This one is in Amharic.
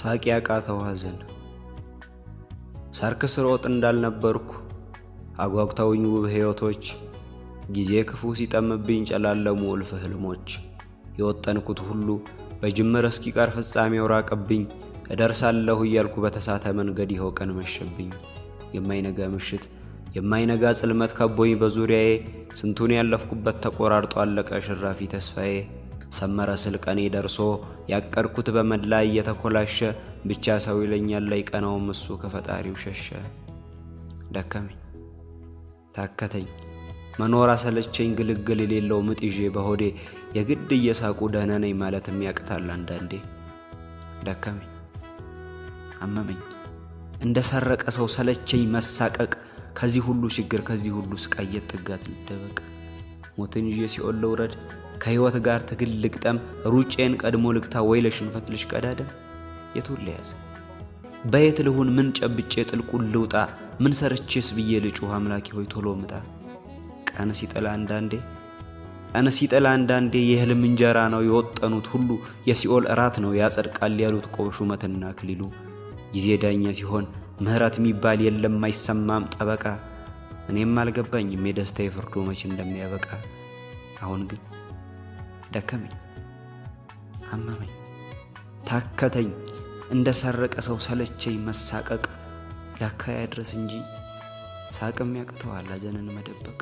ሳቂ ያቃተው ሐዘን ሳር ከስር ወጥ እንዳልነበርኩ አጓጉተውኝ ውብ ሕይወቶች ጊዜ ክፉ ሲጠምብኝ ጨላለሙ እልፍ ህልሞች የወጠንኩት ሁሉ በጅምር እስኪቀር ፍጻሜው ራቅብኝ እደርሳለሁ እያልኩ በተሳተ መንገድ ይኸው ቀን መሸብኝ። የማይነጋ ምሽት የማይነጋ ጽልመት ከቦኝ በዙሪያዬ ስንቱን ያለፍኩበት ተቆራርጦ አለቀ ሽራፊ ተስፋዬ። ሰመረ ስል ቀኔ ደርሶ ያቀድኩት በመድ ላይ እየተኮላሸ ብቻ ሰው ይለኛል ላይ ቀናውም እሱ ከፈጣሪው ሸሸ። ደከመኝ ታከተኝ መኖር አሰለቸኝ ግልግል የሌለው ምጥ ይዤ በሆዴ የግድ እየሳቁ ደህና ነኝ ማለትም ያቅታል አንዳንዴ። ደከመኝ አመመኝ እንደ ሰረቀ ሰው ሰለቸኝ መሳቀቅ ከዚህ ሁሉ ችግር ከዚህ ሁሉ ስቃየት ጥጋት ልደበቅ ሞትን ይዤ ሲኦል ልውረድ ከህይወት ጋር ትግል ልግጠም፣ ሩጬን ቀድሞ ልግታ ወይ ለሽንፈት ልሽቀዳደም። የቱን ልያዝ በየት ልሁን? ምን ጨብጬ ጥልቁን ልውጣ? ምን ሰርቼስ ብዬ ልጩህ? አምላኬ ሆይ ቶሎ ምጣ። ቀን ሲጠላ አንዳንዴ ቀን ሲጠላ አንዳንዴ የህልም እንጀራ ነው የወጠኑት ሁሉ የሲኦል እራት ነው ያጸድቃል ያሉት ቆብ ሹመትና ክሊሉ ጊዜ ዳኛ ሲሆን ምህረት የሚባል የለም አይሰማም ጠበቃ። እኔም አልገባኝም የደስታ የፍርዶ መች እንደሚያበቃ አሁን ግን ደከመኝ፣ አመመኝ፣ ታከተኝ፣ እንደ ሰረቀ ሰው ሰለቸኝ መሳቀቅ። ላካ ድረስ እንጂ ሳቅም ያቅተዋል ሐዘንን መደበቅ።